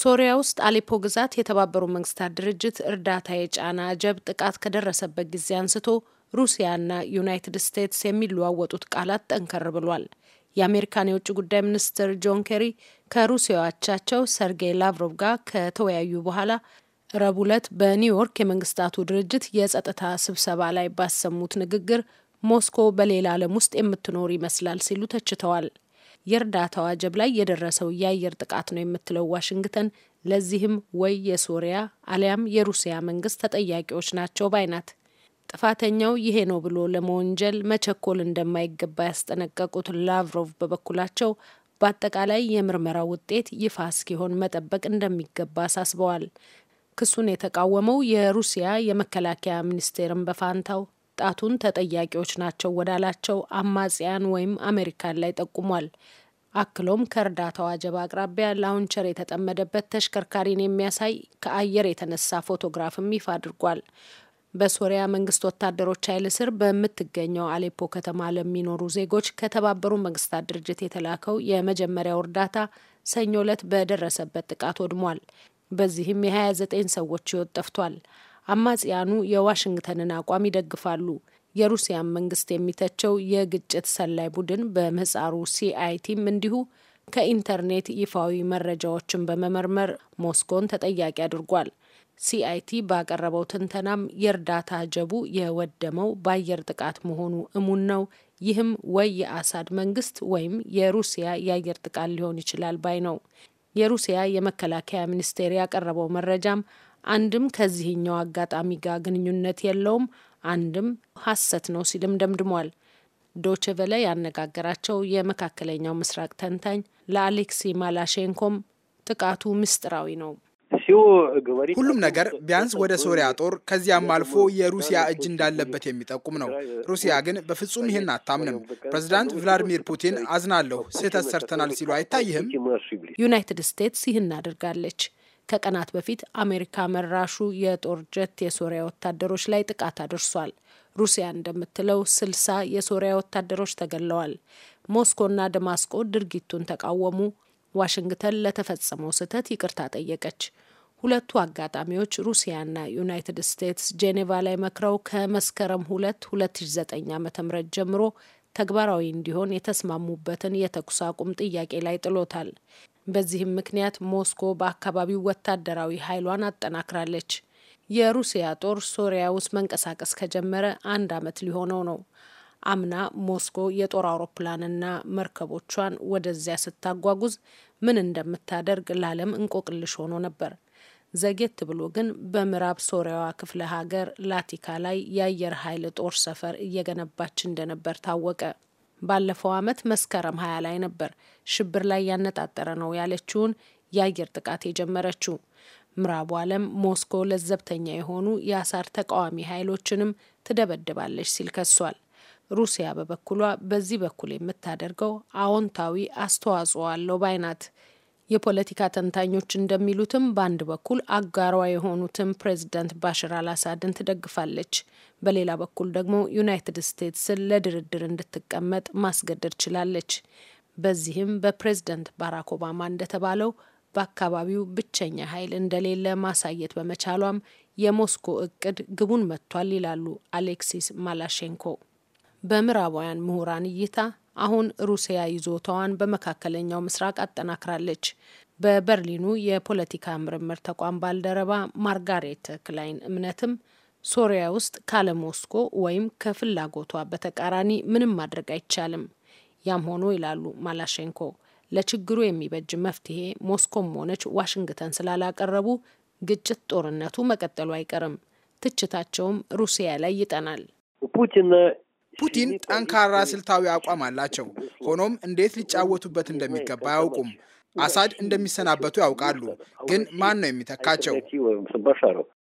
ሶሪያ ውስጥ አሌፖ ግዛት የተባበሩ መንግስታት ድርጅት እርዳታ የጫና አጀብ ጥቃት ከደረሰበት ጊዜ አንስቶ ሩሲያና ዩናይትድ ስቴትስ የሚለዋወጡት ቃላት ጠንከር ብሏል። የአሜሪካን የውጭ ጉዳይ ሚኒስትር ጆን ኬሪ ከሩሲያው አቻቸው ሰርጌይ ላቭሮቭ ጋር ከተወያዩ በኋላ ረቡዕ ዕለት በኒውዮርክ የመንግስታቱ ድርጅት የጸጥታ ስብሰባ ላይ ባሰሙት ንግግር ሞስኮ በሌላ ዓለም ውስጥ የምትኖር ይመስላል ሲሉ ተችተዋል። የእርዳታው አጀብ ላይ የደረሰው የአየር ጥቃት ነው የምትለው ዋሽንግተን ለዚህም ወይ የሶሪያ አሊያም የሩሲያ መንግስት ተጠያቂዎች ናቸው ባይናት። ጥፋተኛው ይሄ ነው ብሎ ለመወንጀል መቸኮል እንደማይገባ ያስጠነቀቁት ላቭሮቭ በበኩላቸው በአጠቃላይ የምርመራ ውጤት ይፋ እስኪሆን መጠበቅ እንደሚገባ አሳስበዋል። ክሱን የተቃወመው የሩሲያ የመከላከያ ሚኒስቴርን በፋንታው መምጣቱን ተጠያቂዎች ናቸው ወዳላቸው አማጽያን ወይም አሜሪካን ላይ ጠቁሟል። አክሎም ከእርዳታው አጀባ አቅራቢያ ላውንቸር የተጠመደበት ተሽከርካሪን የሚያሳይ ከአየር የተነሳ ፎቶግራፍም ይፋ አድርጓል። በሶሪያ መንግስት ወታደሮች ኃይል ስር በምትገኘው አሌፖ ከተማ ለሚኖሩ ዜጎች ከተባበሩ መንግስታት ድርጅት የተላከው የመጀመሪያው እርዳታ ሰኞ ዕለት በደረሰበት ጥቃት ወድሟል። በዚህም የ29 ሰዎች ሕይወት ጠፍቷል። አማጽያኑ የዋሽንግተንን አቋም ይደግፋሉ። የሩሲያን መንግስት የሚተቸው የግጭት ሰላይ ቡድን በምህጻሩ ሲአይቲም እንዲሁ ከኢንተርኔት ይፋዊ መረጃዎችን በመመርመር ሞስኮን ተጠያቂ አድርጓል። ሲአይቲ ባቀረበው ትንተናም የእርዳታ ጀቡ የወደመው በአየር ጥቃት መሆኑ እሙን ነው። ይህም ወይ የአሳድ መንግስት ወይም የሩሲያ የአየር ጥቃት ሊሆን ይችላል ባይ ነው። የሩሲያ የመከላከያ ሚኒስቴር ያቀረበው መረጃም አንድም ከዚህኛው አጋጣሚ ጋር ግንኙነት የለውም፣ አንድም ሀሰት ነው ሲልም ደምድሟል። ዶችቨለ ያነጋገራቸው የመካከለኛው ምስራቅ ተንታኝ ለአሌክሲ ማላሼንኮም ጥቃቱ ምስጢራዊ ነው። ሁሉም ነገር ቢያንስ ወደ ሶሪያ ጦር ከዚያም አልፎ የሩሲያ እጅ እንዳለበት የሚጠቁም ነው። ሩሲያ ግን በፍጹም ይህን አታምንም። ፕሬዚዳንት ቭላዲሚር ፑቲን አዝናለሁ፣ ስህተት ሰርተናል ሲሉ አይታይህም? ዩናይትድ ስቴትስ ይህን አድርጋለች። ከቀናት በፊት አሜሪካ መራሹ የጦር ጀት የሶሪያ ወታደሮች ላይ ጥቃት አድርሷል። ሩሲያ እንደምትለው ስልሳ የሶሪያ ወታደሮች ተገድለዋል። ሞስኮና ደማስቆ ድርጊቱን ተቃወሙ። ዋሽንግተን ለተፈጸመው ስህተት ይቅርታ ጠየቀች። ሁለቱ አጋጣሚዎች ሩሲያና ዩናይትድ ስቴትስ ጄኔቫ ላይ መክረው ከመስከረም 2 ሁለት ሺ ዘጠኝ ጀምሮ ተግባራዊ እንዲሆን የተስማሙበትን የተኩስ አቁም ጥያቄ ላይ ጥሎታል። በዚህም ምክንያት ሞስኮ በአካባቢው ወታደራዊ ኃይሏን አጠናክራለች። የሩሲያ ጦር ሶሪያ ውስጥ መንቀሳቀስ ከጀመረ አንድ ዓመት ሊሆነው ነው። አምና ሞስኮ የጦር አውሮፕላንና መርከቦቿን ወደዚያ ስታጓጉዝ ምን እንደምታደርግ ለዓለም እንቆቅልሽ ሆኖ ነበር። ዘጌት ብሎ ግን በምዕራብ ሶሪያዋ ክፍለ ሀገር ላቲካ ላይ የአየር ኃይል ጦር ሰፈር እየገነባች እንደነበር ታወቀ። ባለፈው ዓመት መስከረም ሀያ ላይ ነበር ሽብር ላይ ያነጣጠረ ነው ያለችውን የአየር ጥቃት የጀመረችው። ምዕራቡ ዓለም ሞስኮ ለዘብተኛ የሆኑ የአሳር ተቃዋሚ ኃይሎችንም ትደበድባለች ሲል ከሷል። ሩሲያ በበኩሏ በዚህ በኩል የምታደርገው አዎንታዊ አስተዋጽኦ አለው ባይ ናት። የፖለቲካ ተንታኞች እንደሚሉትም በአንድ በኩል አጋሯ የሆኑትን ፕሬዚደንት ባሽር አላሳድን ትደግፋለች፣ በሌላ በኩል ደግሞ ዩናይትድ ስቴትስን ለድርድር እንድትቀመጥ ማስገደድ ችላለች። በዚህም በፕሬዝደንት ባራክ ኦባማ እንደተባለው በአካባቢው ብቸኛ ኃይል እንደሌለ ማሳየት በመቻሏም የሞስኮ እቅድ ግቡን መጥቷል ይላሉ አሌክሲስ ማላሼንኮ። በምዕራባውያን ምሁራን እይታ አሁን ሩሲያ ይዞታዋን በመካከለኛው ምስራቅ አጠናክራለች። በበርሊኑ የፖለቲካ ምርምር ተቋም ባልደረባ ማርጋሬት ክላይን እምነትም ሶሪያ ውስጥ ካለ ሞስኮ ወይም ከፍላጎቷ በተቃራኒ ምንም ማድረግ አይቻልም። ያም ሆኖ ይላሉ ማላሼንኮ ለችግሩ የሚበጅ መፍትሄ ሞስኮም ሆነች ዋሽንግተን ስላላቀረቡ ግጭት ጦርነቱ መቀጠሉ አይቀርም። ትችታቸውም ሩሲያ ላይ ይጠናል። ፑቲን ፑቲን ጠንካራ ስልታዊ አቋም አላቸው። ሆኖም እንዴት ሊጫወቱበት እንደሚገባ አያውቁም። አሳድ እንደሚሰናበቱ ያውቃሉ፣ ግን ማን ነው የሚተካቸው?